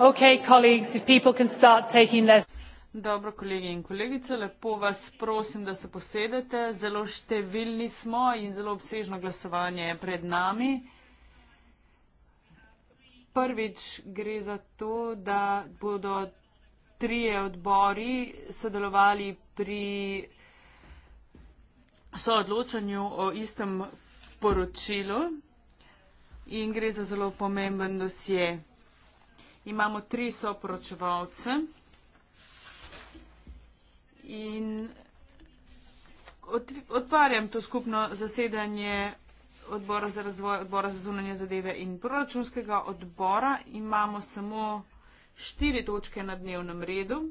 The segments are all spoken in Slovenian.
Okay, colleagues, if people can start taking their... Dobro, kolegi in kolegice, lepo vas prosim, da se posedete. Zelo številni smo in zelo obsežno glasovanje je pred nami. Prvič gre za to, da bodo trije odbori sodelovali pri soodločanju o istem poročilu in gre za zelo pomemben dosje. Imamo tri soporočevalce in odparjam to skupno zasedanje odbora za razvoj, odbora za zunanje zadeve in proračunskega odbora. Imamo samo štiri točke na dnevnem redu.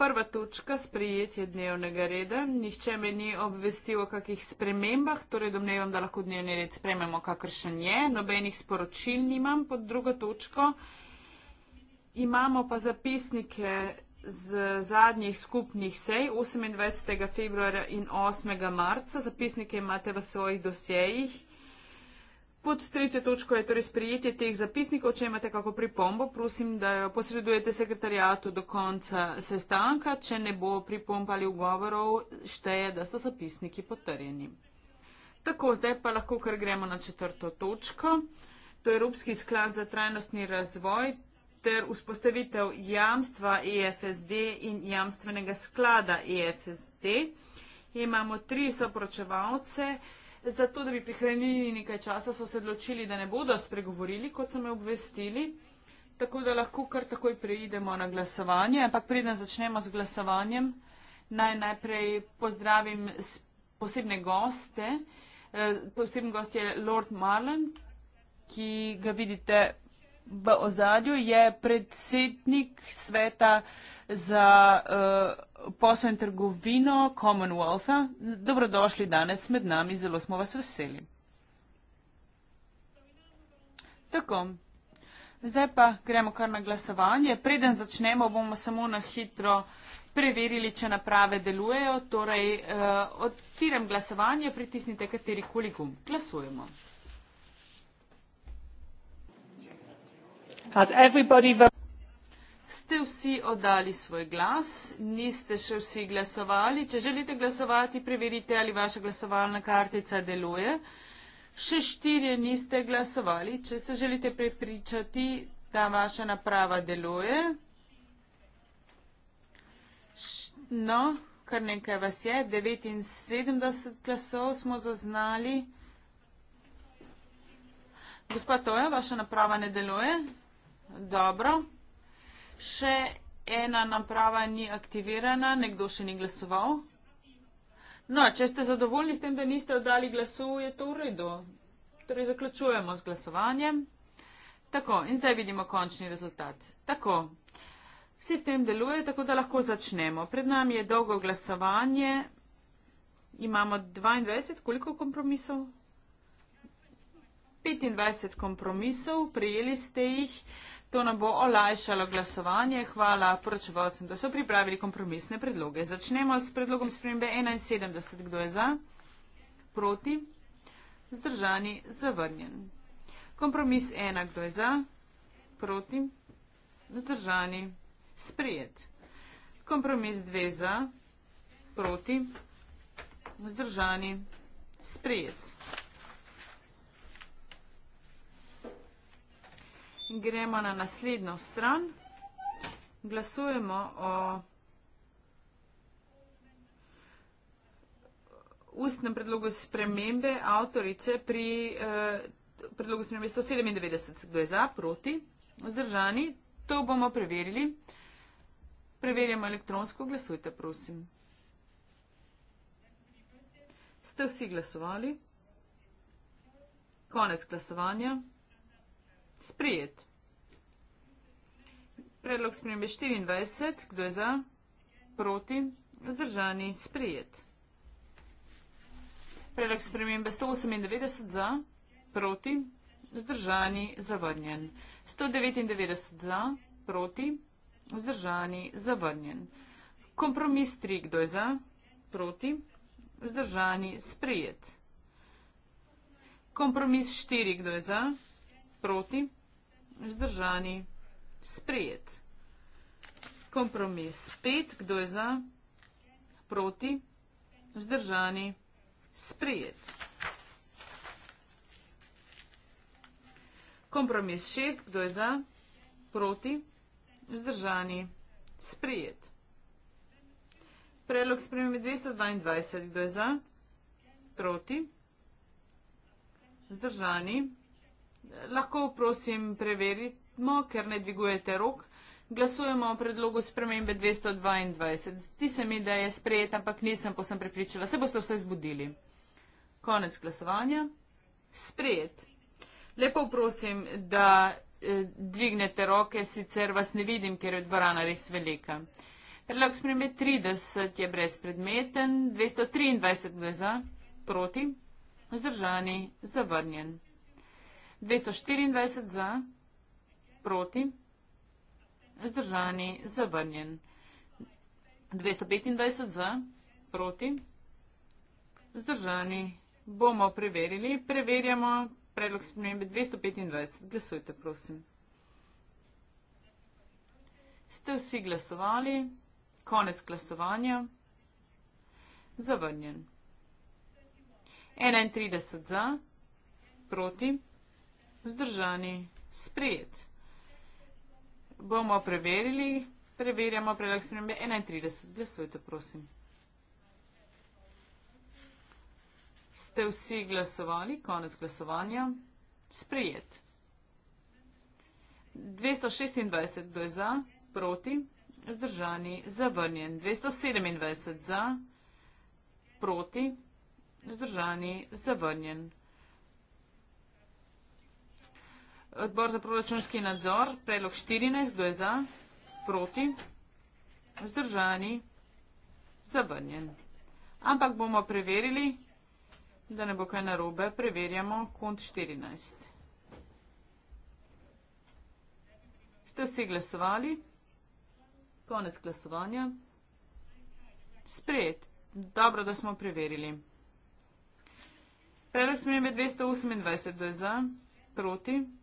Prva točka sprejetje dnevnega reda. Nihče me ni obvestil o kakih spremembah, torej domnevam, da lahko dnevni red sprememo, kakršen je. Nobenih sporočil nimam pod drugo točko. Imamo pa zapisnike z zadnjih skupnih sej 28. februarja in 8. marca. Zapisnike imate v svojih dosjejih. Pod tretjo točko je torej sprejetje teh zapisnikov. Če imate kako pripombo, prosim, da jo posredujete sekretarijatu do konca sestanka. Če ne bo pripomb ali ugovorov, šteje, da so zapisniki potrjeni. Tako, zdaj pa lahko kar gremo na četrto točko. To je Evropski sklad za trajnostni razvoj ter vzpostavitev jamstva EFSD in jamstvenega sklada EFSD. Imamo tri soporočevalce. Zato, da bi prihranili nekaj časa, so se odločili, da ne bodo spregovorili, kot so me obvestili. Tako da lahko kar takoj preidemo na glasovanje. Ampak preden začnemo z glasovanjem, naj najprej pozdravim posebne goste. E, poseben gost je Lord Marlon, ki ga vidite v ozadju, je predsednik sveta za. Uh, posel in trgovino Commonwealtha. Dobrodošli danes med nami, zelo smo vas veseli. Tako. Zdaj pa gremo kar na glasovanje. Preden začnemo, bomo samo na hitro preverili, če naprave delujejo. Torej, eh, odpiram glasovanje, pritisnite kateri koli gumb. Glasujemo. Has everybody voted? ste vsi oddali svoj glas, niste še vsi glasovali. Če želite glasovati, preverite, ali vaša glasovalna kartica deluje. Še štirje niste glasovali. Če se želite prepričati, da vaša naprava deluje. No, kar nekaj vas je, 79 glasov smo zaznali. Gospa Toja, vaša naprava ne deluje? Dobro. Še ena naprava ni aktivirana, nekdo še ni glasoval. No, če ste zadovoljni s tem, da niste oddali glasu, je to v redu. Torej, zaključujemo z glasovanjem. Tako, in zdaj vidimo končni rezultat. Tako, sistem deluje, tako da lahko začnemo. Pred nami je dolgo glasovanje. Imamo 22, koliko kompromisov? 25 kompromisov, prijeli ste jih. To nam bo olajšalo glasovanje. Hvala poročevalcem, da so pripravili kompromisne predloge. Začnemo s predlogom spremembe 71. Kdo je za? Proti? Zdržani? Zavrnjen. Kompromis 1. Kdo je za? Proti? Zdržani? Sprijet. Kompromis 2. Za? Proti? Zdržani? Sprijet. Kompromis 3. Za? Proti? Zdržani? Sprijet. gremo na naslednjo stran, glasujemo o ustnem predlogu spremembe avtorice pri eh, predlogu spremembe 197. Kdo je za, proti, vzdržani? To bomo preverili. Preverjamo elektronsko. Glasujte, prosim. Ste vsi glasovali? Konec glasovanja. Sprijet. Predlog spremembe 24. Kdo je za? Proti. Zdržani. Sprijet. Predlog spremembe 198. Za? Proti. Zdržani. Zavrnjen. 199. Za? Proti. Zdržani. Zavrnjen. Kompromis 3. Kdo je za? Proti. Zdržani. Sprijet. Kompromis 4. Kdo je za? Proti proti, vzdržani, sprejet. Kompromis pet, kdo je za, proti, vzdržani, sprejet. Kompromis šest, kdo je za, proti, vzdržani, sprejet. Predlog spremembe 222, kdo je za, proti, vzdržani, sprejet. Lahko prosim preverimo, ker ne dvigujete rok. Glasujemo o predlogu spremembe 222. Zdi se mi, da je sprejet, ampak nisem posem pripričala. Se boste vse zbudili. Konec glasovanja. Sprejet. Lepo prosim, da eh, dvignete roke, sicer vas ne vidim, ker je dvorana res velika. Predlog spremembe 30 je brezpredmeten, 223 je za, proti, vzdržani, zavrnjen. 224 za, proti, vzdržani, zavrnjen. 225 za, proti, vzdržani, bomo preverili. Preverjamo predlog spremembe 225. Glasujte, prosim. Ste vsi glasovali, konec glasovanja, zavrnjen. 31 za, proti, vzdržani vzdržani, sprejet. Bomo preverili, preverjamo predlog spremembe 31. Glasujte, prosim. Ste vsi glasovali, konec glasovanja, sprejet. 226, kdo je za, proti, vzdržani, zavrnjen. 227 za, proti, vzdržani, zavrnjen. Odbor za proračunski nadzor, predlog 14, kdo je za, proti, vzdržani, zavrnjen. Ampak bomo preverili, da ne bo kaj narobe, preverjamo kont 14. Ste vsi glasovali? Konec glasovanja. Sprejet. Dobro, da smo preverili. Predlog smrnjeme 228, kdo je za, proti, vzdržani, zavrnjen.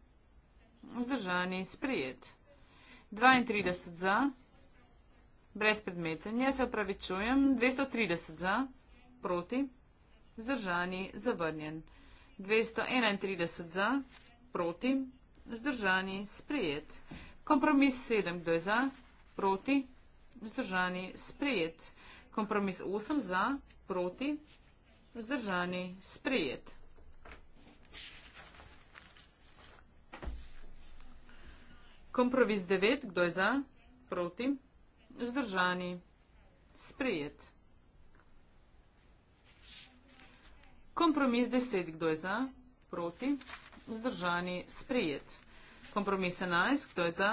Vzdržani, sprejet. 32 za, brez predmeten, jaz se opravičujem, 230 za, proti, vzdržani, zavrnjen. 231 za, proti, vzdržani, sprejet. Kompromis 7, kdo je za, proti, vzdržani, sprejet. Kompromis 8 za, proti, vzdržani, sprejet. Kompromis 9, kdo je za? Proti. Zdržani. Sprejet. Kompromis 10, kdo je za? Proti. Zdržani. Sprejet. Kompromis 11, kdo je za?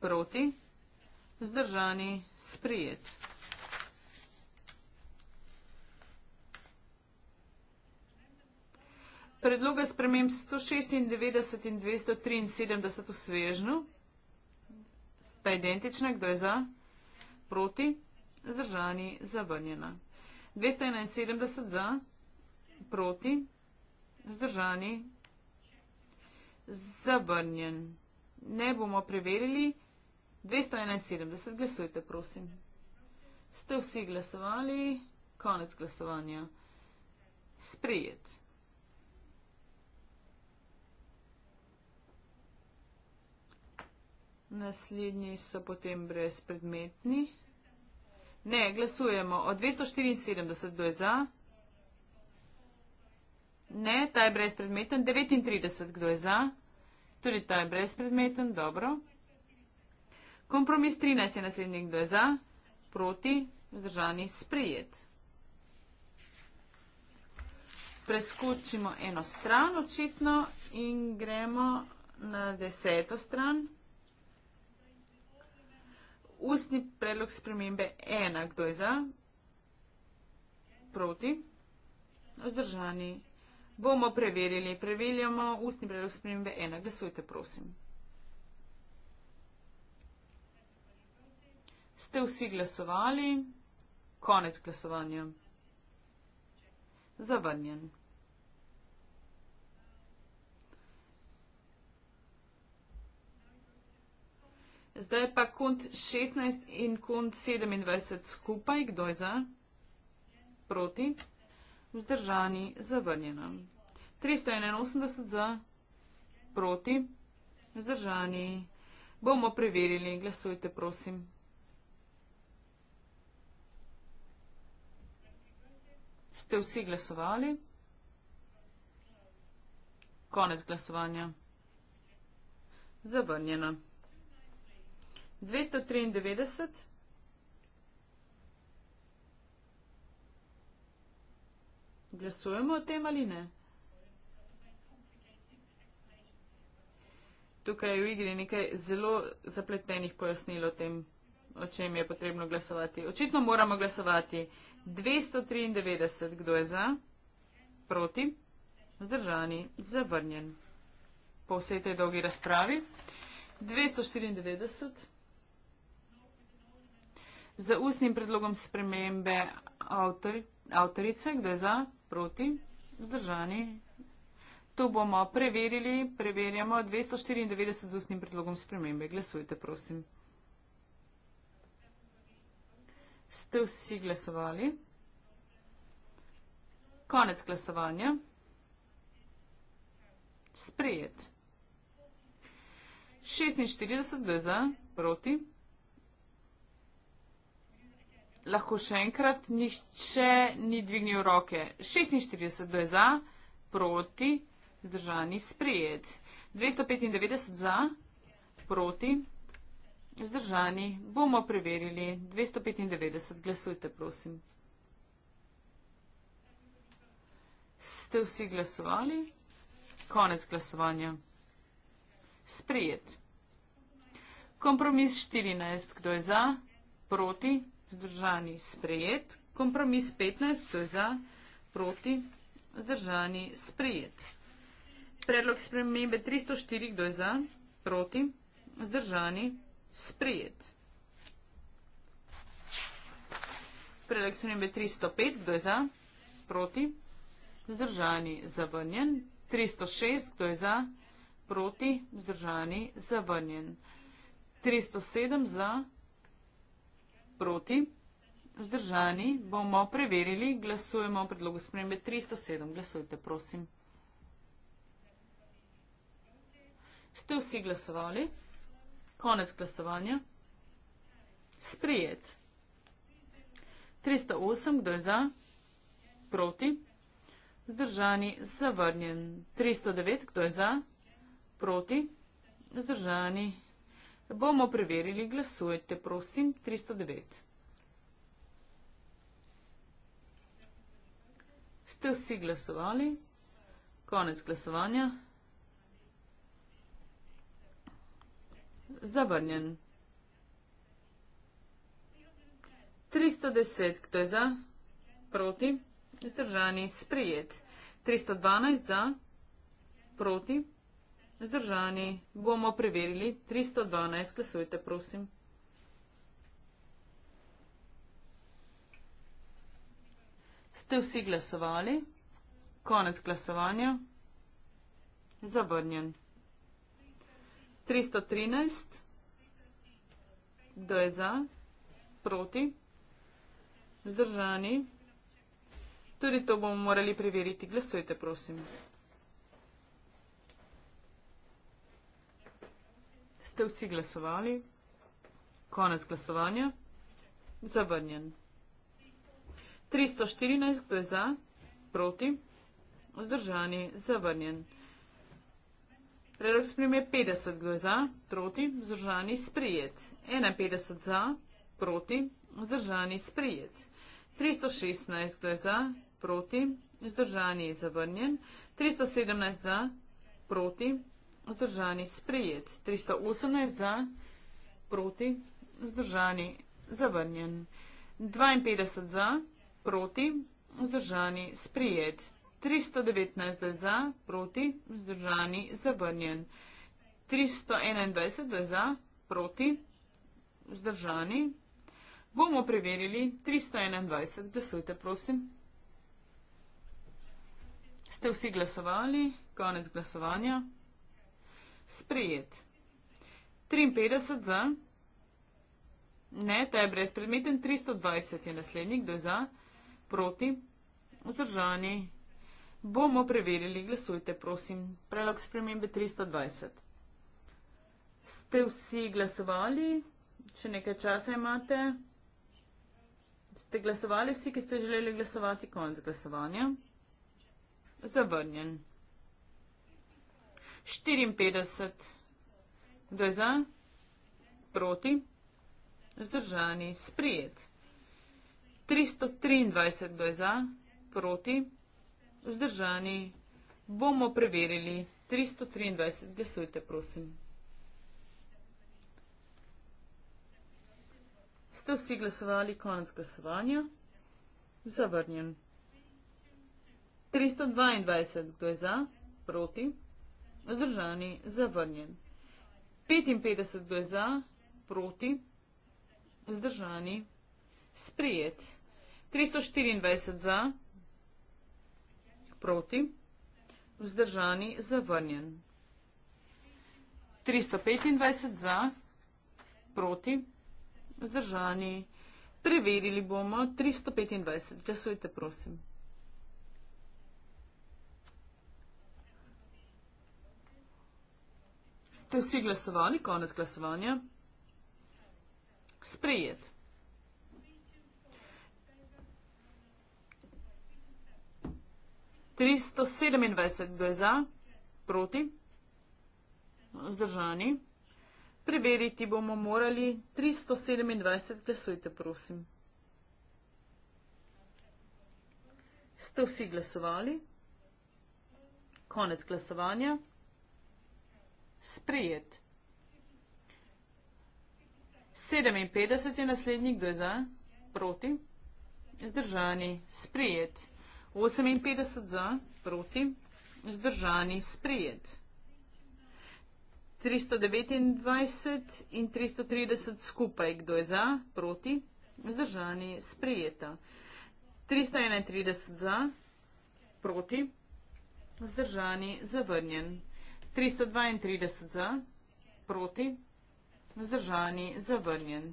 Proti. Zdržani. Sprejet. Predloga spremem 196 in 273 v svežnu sta identična, kdo je za, proti, zdržani, zavrnjena. 271 za, proti, zdržani, zavrnjen. Ne bomo preverili. 271 glasujte, prosim. Ste vsi glasovali? Konec glasovanja. Sprijet. Naslednji so potem brezpredmetni. Ne, glasujemo. Od 274 do je za. Ne, ta je brezpredmeten. 39, kdo je za? Tudi torej, ta je brezpredmeten, dobro. Kompromis 13 je naslednji, kdo je za? Proti, vzdržani, sprijet. Preskočimo eno stran očitno in gremo na deseto stran ustni predlog spremembe ena. Kdo je za? Proti? Vzdržani. Bomo preverili. Preveljamo ustni predlog spremembe ena. Glasujte, prosim. Ste vsi glasovali? Konec glasovanja. Zavrnjen. Zdaj pa kont 16 in kont 27 skupaj. Kdo je za? Proti. Vzdržani. Zavrnjeno. 381 za. Proti. Vzdržani. Bomo preverili. Glasujte, prosim. Ste vsi glasovali? Konec glasovanja. Zavrnjeno. 293. Glasujemo o tem ali ne? Tukaj je v igri nekaj zelo zapletenih pojasnil o tem, o čem je potrebno glasovati. Očitno moramo glasovati. 293, kdo je za? Proti? Zdržani? Zavrnjen? Po vsej tej dolgi razpravi. 294 z ustnim predlogom spremembe avtorice, kdo je za, proti, vzdržani. Tu bomo preverili, preverjamo 294 z ustnim predlogom spremembe. Glasujte, prosim. Ste vsi glasovali? Konec glasovanja. Sprejet. 46 kdo je za, proti, lahko še enkrat, nihče ni dvignil roke. 46 do je za, proti, zdržani, sprijet. 295 za, proti, zdržani, bomo preverili. 295, glasujte, prosim. Ste vsi glasovali? Konec glasovanja. Sprijet. Kompromis 14, kdo je za, proti, zdržani vzdržani sprejet, kompromis 15, to je za, proti, vzdržani sprejet. Predlog spremembe 304, kdo je za, proti, vzdržani, sprejet. Predlog spremembe 305, kdo je za, proti, vzdržani, zavrnjen. 306, kdo je za, proti, vzdržani, zavrnjen. 307, za, proti, vzdržani. Bomo preverili. Glasujemo o predlogu spremembe 307. Glasujte, prosim. Ste vsi glasovali? Konec glasovanja. Sprijet. 308. Kdo je za? Proti. Zdržani. Zavrnjen. 309. Kdo je za? Proti. Zdržani. Bomo preverili. Glasujte, prosim, 309. Ste vsi glasovali? Konec glasovanja. Zavrnjen. 310, kdo je za? Proti. Zdržani, sprijet. 312 za? Proti. Zdržani bomo preverili 312, glasujte prosim. Ste vsi glasovali? Konec glasovanja. Zavrnjen. 313. Kdo je za? Proti? Zdržani? Tudi to bomo morali preveriti. Glasujte, prosim. ste vsi glasovali. Konec glasovanja. Zavrnjen. 314 gre za, proti, vzdržani, zavrnjen. Predlog sprem je 50 gre za, proti, vzdržani, sprijet. 51 za, proti, vzdržani, sprijet. 316 gre za, proti, vzdržani, zavrnjen. 317 za, proti, vzdržani, sprijet vzdržani sprejet, 318 za, proti, vzdržani zavrnjen, 52 za, proti, vzdržani sprejet, 319 za, proti, vzdržani zavrnjen, 321 za, proti, vzdržani. Bomo preverili 321, glasujte prosim. Ste vsi glasovali? Konec glasovanja sprejet. 53 za, ne, ta je brezpredmeten, 320 je naslednji, kdo je za, proti, vzdržani. Bomo preverili, glasujte, prosim, predlog spremembe 320. Ste vsi glasovali, če nekaj časa imate? Ste glasovali vsi, ki ste želeli glasovati, konec glasovanja? Zavrnjen. 54. Kdo je za? Proti? Zdržani. Sprijet. 323. Kdo je za? Proti? Vzdržani. Bomo preverili. 323. Glasujte, prosim. Ste vsi glasovali konec glasovanja? Zavrnjen. 322. Kdo je za? Proti? Zdržani, zavrnjen. 55 bo je za, proti, zdržani, sprijet. 324 za, proti, vzdržani, zavrnjen. 325 za, proti, vzdržani. Preverili bomo 325. Glasujte, prosim. ste vsi glasovali, konec glasovanja. Sprejet. Tristo sedemindvajset je za, proti, vzdržani. Preveriti bomo morali. Tristo sedemindvajset, glasujte, prosim. Ste vsi glasovali? Konec glasovanja sprejet. 57 je naslednji, kdo je za? Proti. Zdržani, sprejet. 58 za, proti. Zdržani, sprejet. 329 in 330 skupaj, kdo je za, proti, vzdržani, sprijeta. 331 za, proti, vzdržani, zavrnjen. 332 za, proti, vzdržani, zavrnjen.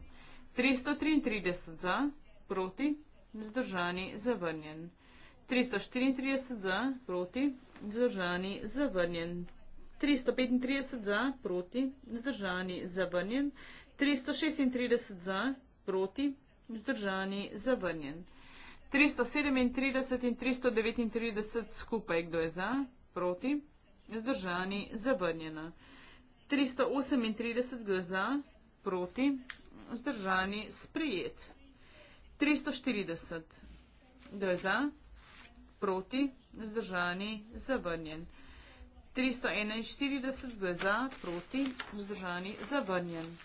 333 za, proti, vzdržani, zavrnjen. 334 za, proti, vzdržani, zavrnjen. 335 za, proti, vzdržani, zavrnjen. 336 za, proti, vzdržani, zavrnjen. 337 in 339 skupaj, kdo je za, proti, vzdržani, zavrnjen vzdržani, zavrnjena. 338 glas za, proti, vzdržani, sprejet. 340 glas za, proti, vzdržani, zavrnjen. 341 glas za, proti, vzdržani, zavrnjen.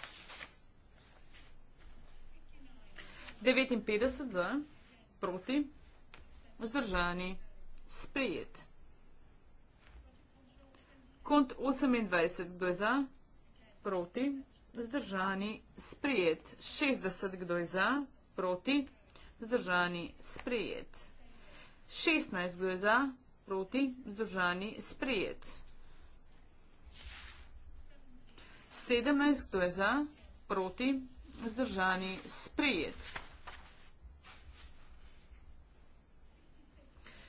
59 za, proti, vzdržani, sprejet. Kont 28, kdo je za? Proti. Zdržani, sprijet. 60, kdo je za? Proti. Zdržani, sprijet. 16, kdo je za? Proti. Zdržani, sprijet. 17, kdo je za? Proti. Zdržani, sprijet.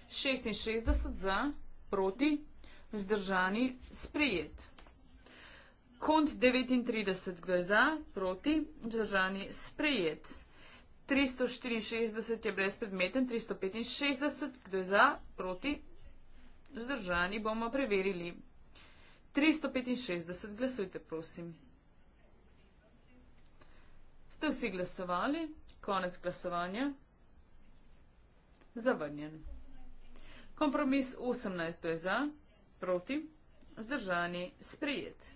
16, 60 za? Proti vzdržani, sprejet. Konc 39 gre za, proti, vzdržani, sprejet. 364 je brezpredmeten, 365 gre za, proti, vzdržani, bomo preverili. 365 glasujte, prosim. Ste vsi glasovali? Konec glasovanja? Zavrnjen. Kompromis 18 gre za, proti, vzdržani, bomo preverili proti, vzdržani, sprijet.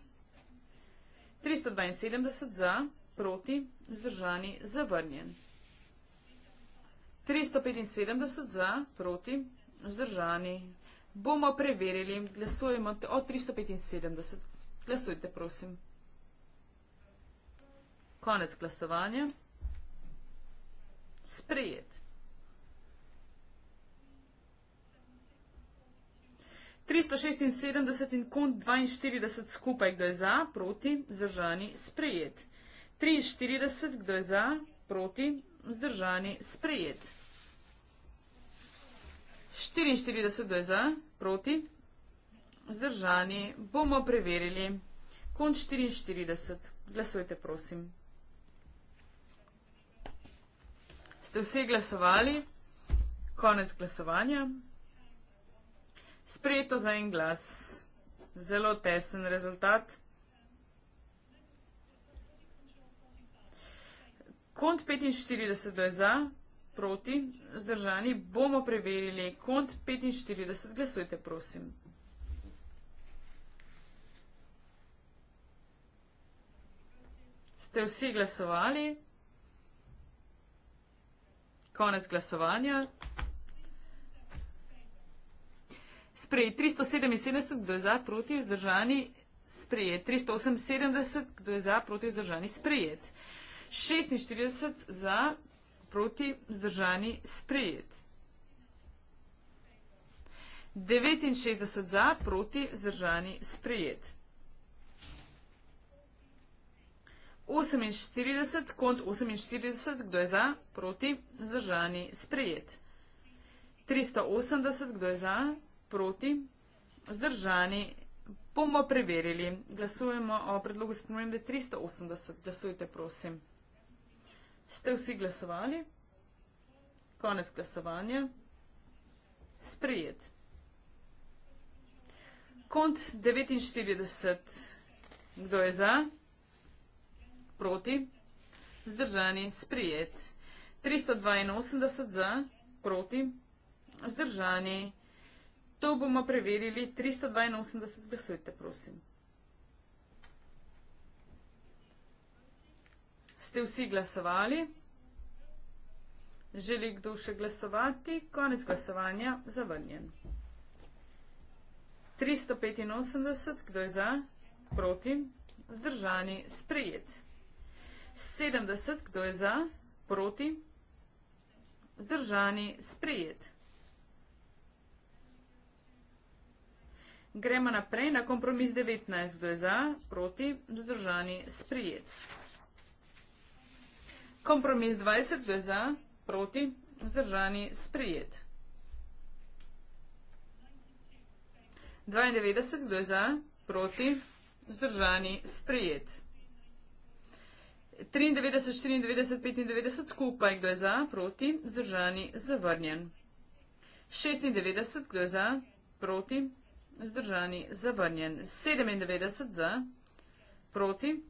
372 za, proti, vzdržani, zavrnjen. 375 za, proti, vzdržani. Bomo preverili, glasujemo od 375. Glasujte, prosim. Konec glasovanja. Sprijet. 376 in kont 42 skupaj, kdo je za, proti, zdržani, sprejet. 43, kdo je za, proti, zdržani, sprejet. 44, kdo je za, proti, zdržani, bomo preverili. Kont 44, glasujte prosim. Ste vsi glasovali? Konec glasovanja. Sprejeto za en glas. Zelo tesen rezultat. Kont 45 je za, proti, zdržani. Bomo preverili. Kont 45, glasujte, prosim. Ste vsi glasovali? Konec glasovanja sprejet 377, kdo je za, proti, vzdržani, sprejet 378, kdo je za, proti, vzdržani, sprejet 46 za, proti, vzdržani, sprejet 69 za, proti, vzdržani, sprejet 48, kont 48, kdo je za, proti, vzdržani, sprejet 380, kdo je za, proti, vzdržani, bomo preverili. Glasujemo o predlogu spremembe 380. Glasujte, prosim. Ste vsi glasovali? Konec glasovanja. Sprijet. Kont 49. Kdo je za? Proti. Vzdržani. Sprijet. 382 za. Proti. Vzdržani. Sprijet. To bomo preverili. 382 glasujte, prosim. Ste vsi glasovali? Želi kdo še glasovati? Konec glasovanja, zavrnjen. 385, kdo je za? Proti? Zdržani, sprejet. 70, kdo je za? Proti? Zdržani, sprejet. Gremo naprej na kompromis 19. Kdo je za, proti, vzdržani, sprijet. Kompromis 20. Kdo je za, proti, vzdržani, sprijet. 92. Kdo je za, proti, vzdržani, sprijet. 93, 94, 95 skupaj, kdo je za, proti, vzdržani, zavrnjen. 96, kdo je za, proti, Zdržani, zavrnjen. 97 za, proti.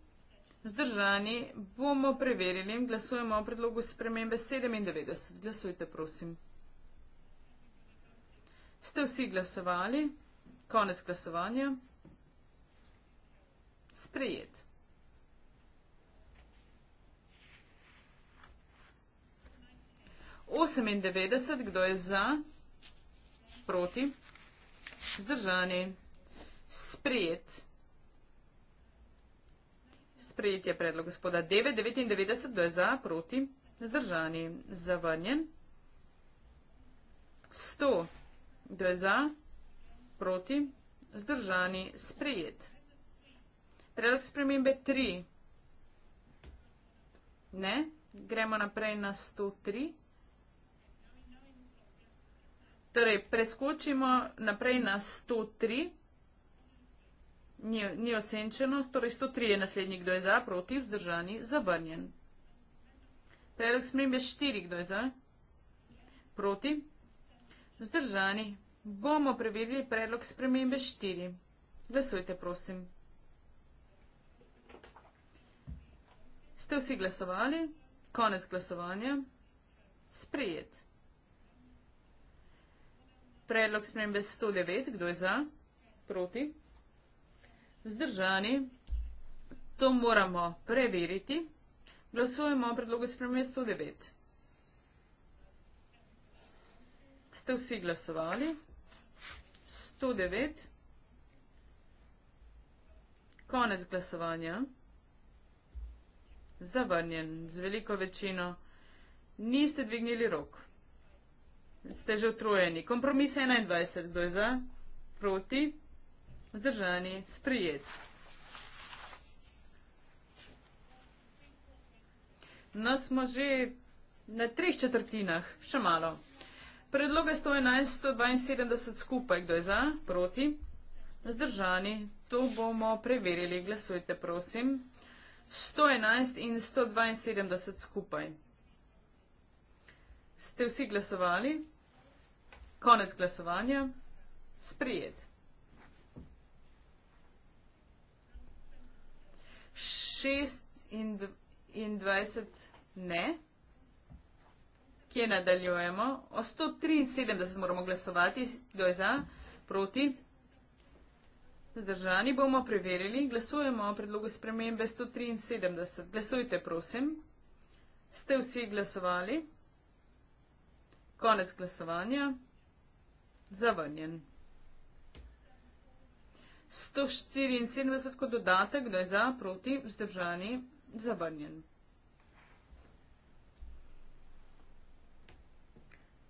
Zdržani, bomo preverili in glasujemo o predlogu spremembe 97. Glasujte, prosim. Ste vsi glasovali? Konec glasovanja. Sprejet. Osemindevedeset, kdo je za? Proti. Vzdržani. Sprejet. Sprejet je predlog gospoda. 9, 99, do je za, proti. Vzdržani. Zavrnjen. 100, do je za, proti. Vzdržani. Sprejet. Predlog spremembe 3. Ne. Gremo naprej na 103. 103. Torej, preskočimo naprej na 103. Ni, ni osenčeno, torej 103 je naslednji, kdo je za, proti, vzdržani, zavrnjen. Predlog spremembe 4, kdo je za, proti, vzdržani. Bomo preverili predlog spremembe 4. Glasujte, prosim. Ste vsi glasovali? Konec glasovanja. Sprijet. Predlog spremembe 109, kdo je za? Proti? Zdržani? To moramo preveriti. Glasujemo o predlogu spremembe 109. Ste vsi glasovali? 109. Konec glasovanja. Zavrnjen z veliko večino. Niste dvignili rok ste že utrujeni. Kompromis 21, kdo je za, proti, vzdržani, sprijet. No, smo že na treh četrtinah, še malo. Predloga 111, 172 skupaj, kdo je za, proti, vzdržani, to bomo preverili, glasujte prosim. 111 in 172 skupaj. Ste vsi glasovali? Konec glasovanja. Sprijet. 26 ne. Kje nadaljujemo? O 173 moramo glasovati. Kdo je za? Proti? Zdržani bomo preverili. Glasujemo o predlogu spremembe 173. Glasujte, prosim. Ste vsi glasovali? Konec glasovanja zavrnjen. 174 kot dodatek, kdo je za, proti, vzdržani, zavrnjen.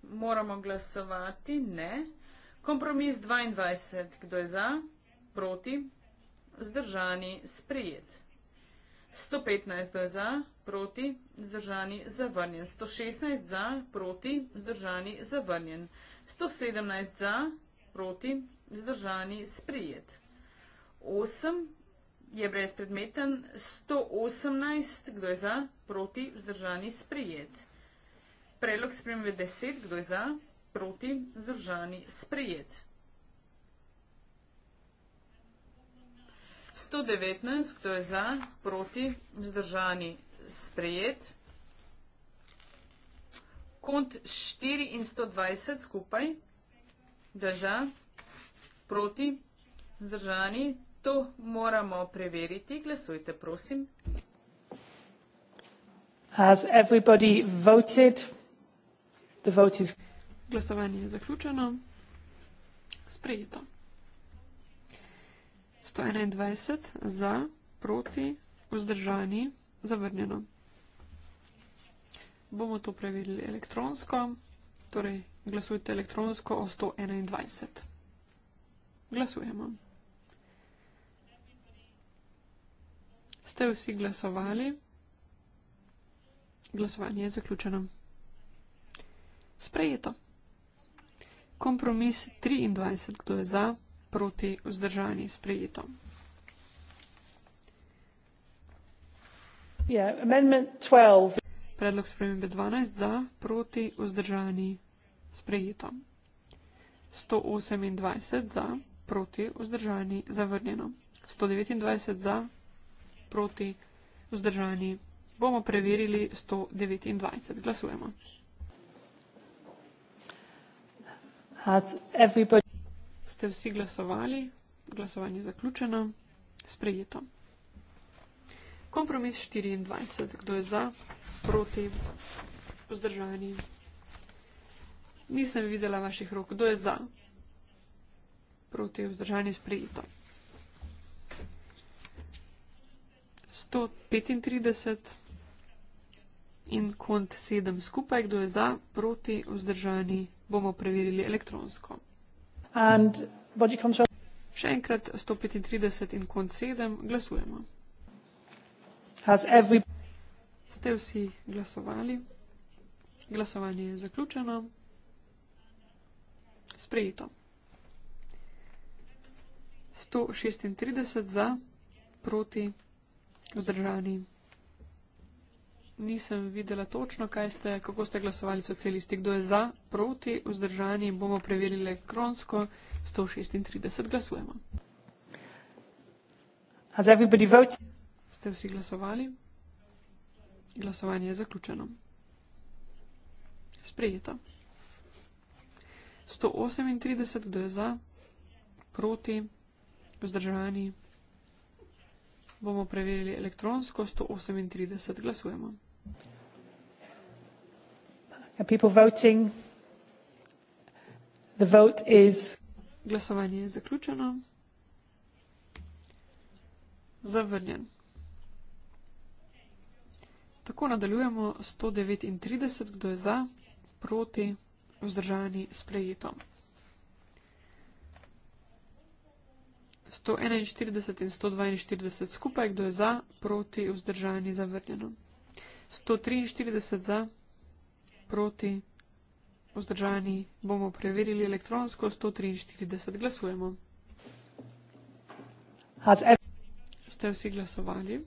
Moramo glasovati, ne. Kompromis 22, kdo je za, proti, vzdržani, sprijet. 115 je za, proti, zdržani, zavrnjen. 116 za, proti, zdržani, zavrnjen. 117 za, proti, zdržani, sprijet. 8 je brezpredmeten. 118, kdo je za, proti, zdržani, sprijet. Predlog spremembe 10, kdo je za, proti, zdržani, sprijet. 119, kdo je za, proti, vzdržani, sprejet. Kont 4 in 120 skupaj, kdo je za, proti, vzdržani, to moramo preveriti. Glasujte, prosim. Has everybody voted? The vote is... Glasovanje je zaključeno. Sprejeto. 121 za, proti, vzdržani, zavrnjeno. Bomo to prevedli elektronsko, torej glasujte elektronsko o 121. Glasujemo. Ste vsi glasovali? Glasovanje je zaključeno. Sprejeto. Kompromis 23, kdo je za? proti vzdržani sprejeto. Predlog spremembe 12 za proti vzdržani sprejeto. 128 za proti vzdržani zavrnjeno. 129 za proti vzdržani. Bomo preverili 129. Glasujemo. Has everybody... Ste vsi glasovali? Glasovanje zaključeno. Sprejeto. Kompromis 24. Kdo je za? Proti? Pozdržani? Nisem videla vaših rok. Kdo je za? Proti? Pozdržani? Sprejeto. 135 in kont 7 skupaj. Kdo je za? Proti? Vzdržani? Bomo preverili elektronsko. Še enkrat 135 in konc 7, glasujemo. Every... Ste vsi glasovali? Glasovanje je zaključeno. Sprejeto. 136 za, proti, vzdržani nisem videla točno, ste, kako ste glasovali socialisti. Kdo je za, proti, vzdržani, bomo preverili elektronsko. 136 glasujemo. Ste vsi glasovali? Glasovanje je zaključeno. Sprejeto. 138, kdo je za, proti, vzdržani, bomo preverili elektronsko. 138 glasujemo. Are people voting? The vote is. Glasovanje je zaključeno. Zavrnjen. Tako nadaljujemo 139, kdo je za, proti, vzdržani sprejeto. 141 in 142 skupaj, kdo je za, proti, vzdržani zavrnjeno. 143 za, proti, vzdržani. Bomo preverili elektronsko. 143 glasujemo. Ste vsi glasovali?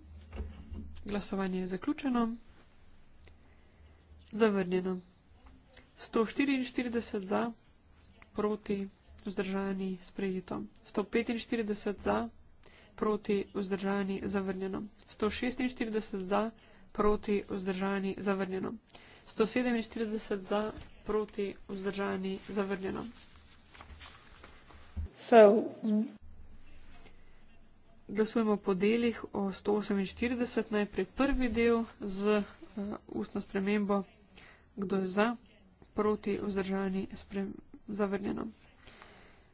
Glasovanje je zaključeno. Zavrnjeno. 144 za, proti, vzdržani, sprejeto. 145 za, proti, vzdržani, zavrnjeno. 146 za, proti, vzdržani, zavrnjeno proti, vzdržani, zavrnjeno. 147 za, proti, vzdržani, zavrnjeno. So. Glasujemo po delih o 148, najprej prvi del z uh, ustno spremembo, kdo je za, proti, vzdržani, zavrnjeno.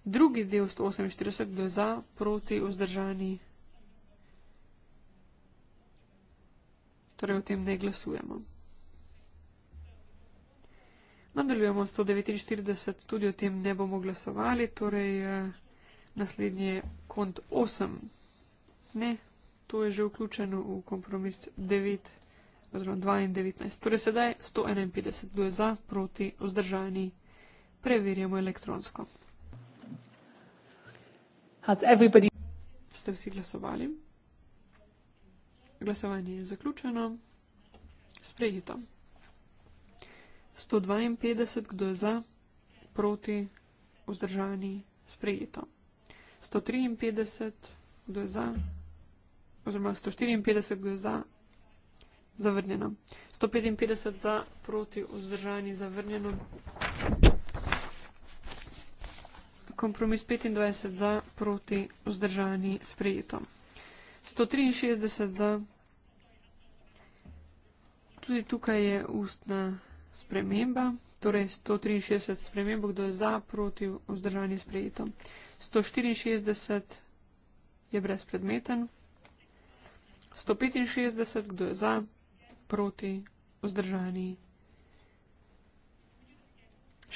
Drugi del 148, kdo je za, proti, vzdržani, torej o tem ne glasujemo. Nadaljujemo 149, tudi o tem ne bomo glasovali, torej eh, naslednji je kont 8. Ne, to je že vključeno v kompromis 9, oziroma 2 in 19. Torej sedaj 151, kdo je za, proti, vzdržani, preverjamo elektronsko. Ste vsi glasovali? Glasovanje je zaključeno. Sprejito. 152, kdo je za, proti, vzdržani, sprejito. 153, kdo je za, oziroma 154, kdo je za, zavrnjeno. 155 za, proti, vzdržani, zavrnjeno. Kompromis 25 za, proti, vzdržani, sprejito. 163 za. Tudi tukaj je ustna sprememba, torej 163 sprememb, kdo je za, proti, vzdržanje sprejeto. 164 je brezpredmeten. 165, kdo je za, proti, vzdržanje sprejeto.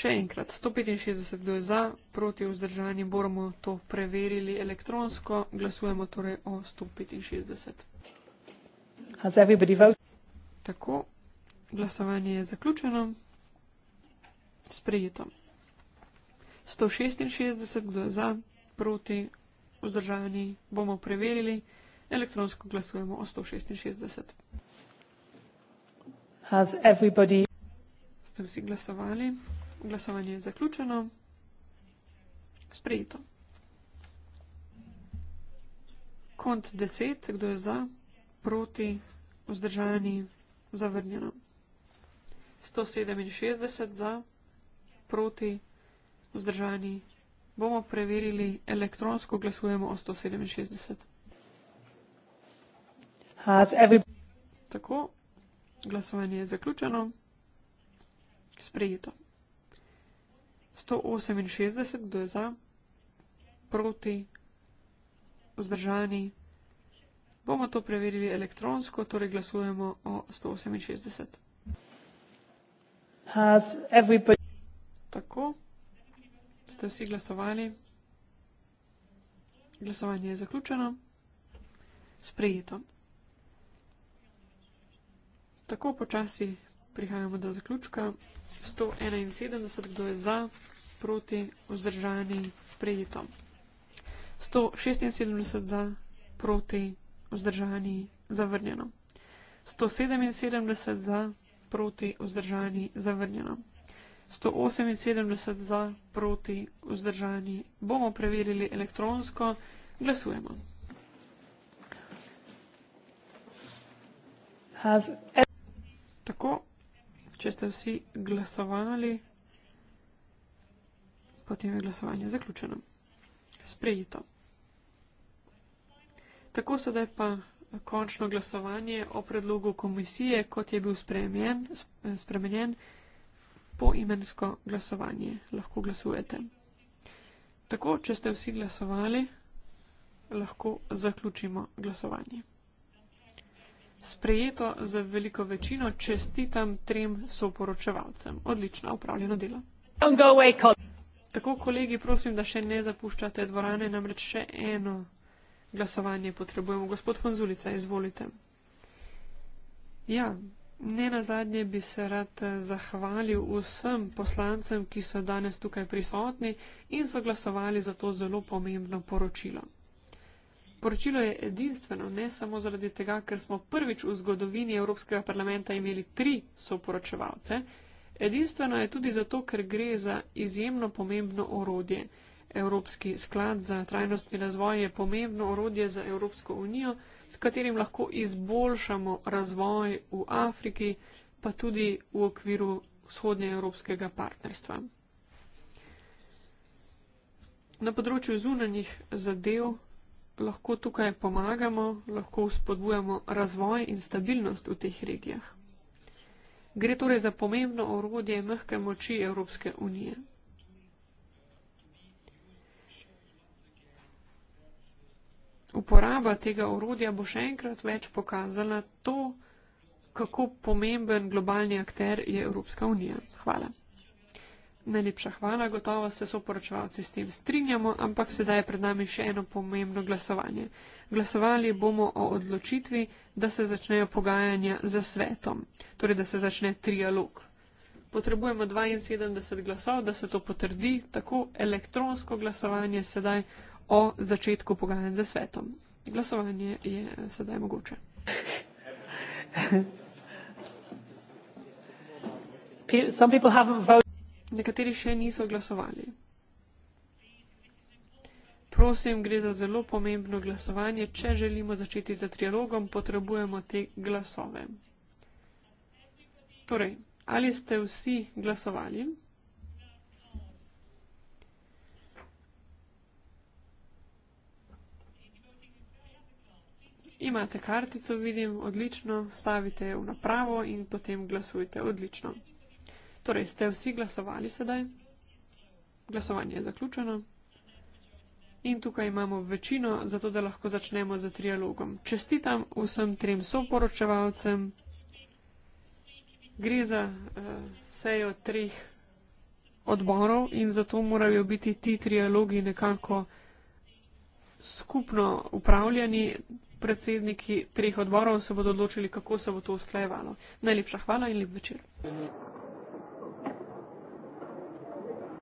Še enkrat, 165 kdo je za, proti vzdržanju bomo to preverili elektronsko, glasujemo torej o 165. Tako, glasovanje je zaključeno, sprejeto. 166 kdo je za, proti vzdržanju bomo preverili, elektronsko glasujemo o 166. Has everybody... Ste vsi glasovali? Glasovanje je zaključeno. Sprejeto. Kont 10, kdo je za, proti, vzdržani, zavrnjeno. 167 za, proti, vzdržani. Bomo preverili elektronsko, glasujemo o 167. Tako, glasovanje je zaključeno. Sprejeto. 168, kdo je za, proti, vzdržani. Bomo to preverili elektronsko, torej glasujemo o 168. Tako, ste vsi glasovali. Glasovanje je zaključeno. Sprejeto. Tako počasi prihajamo do zaključka. 171, kdo je za, proti, vzdržani, sprejeto. 176 za, proti, vzdržani, zavrnjeno. 177 za, proti, vzdržani, zavrnjeno. 178 za, proti, vzdržani. Bomo preverili elektronsko. Glasujemo. Tako, Če ste vsi glasovali, potem je glasovanje zaključeno. Sprejito. Tako sedaj pa končno glasovanje o predlogu komisije, kot je bil spremenjen, po imensko glasovanje. Lahko glasujete. Tako, če ste vsi glasovali, lahko zaključimo glasovanje sprejeto z veliko večino. Čestitam trem soporočevalcem. Odlično upravljeno delo. Tako, kolegi, prosim, da še ne zapuščate dvorane, namreč še eno glasovanje potrebujemo. Gospod Fonzulica, izvolite. Ja, ne na zadnje bi se rad eh, zahvalil vsem poslancem, ki so danes tukaj prisotni in so glasovali za to zelo pomembno poročilo. Poročilo je edinstveno ne samo zaradi tega, ker smo prvič v zgodovini Evropskega parlamenta imeli tri soporočevalce, edinstveno je tudi zato, ker gre za izjemno pomembno orodje. Evropski sklad za trajnostni razvoj je pomembno orodje za Evropsko unijo, s katerim lahko izboljšamo razvoj v Afriki, pa tudi v okviru vzhodnje evropskega partnerstva. Na področju zunanjih zadev lahko tukaj pomagamo, lahko vzpodbujamo razvoj in stabilnost v teh regijah. Gre torej za pomembno orodje mehke moči Evropske unije. Uporaba tega orodja bo še enkrat več pokazala to, kako pomemben globalni akter je Evropska unija. Hvala. Najlepša hvala, gotovo se soporočevalci s tem strinjamo, ampak sedaj je pred nami še eno pomembno glasovanje. Glasovali bomo o odločitvi, da se začnejo pogajanja za svetom, torej da se začne trialog. Potrebujemo 72 glasov, da se to potrdi, tako elektronsko glasovanje sedaj o začetku pogajanj za svetom. Glasovanje je sedaj mogoče nekateri še niso glasovali. Prosim, gre za zelo pomembno glasovanje. Če želimo začeti z trialogom, potrebujemo te glasove. Torej, ali ste vsi glasovali? Imate kartico, vidim, odlično, stavite jo v napravo in potem glasujte, odlično. Torej, ste vsi glasovali sedaj? Glasovanje je zaključeno. In tukaj imamo večino, zato da lahko začnemo z trialogom. Čestitam vsem trem soporočevalcem. Gre za uh, sejo treh odborov in zato morajo biti ti trialogi nekako skupno upravljeni. Predsedniki treh odborov se bodo odločili, kako se bo to usklajevalo. Najlepša hvala in lep večer.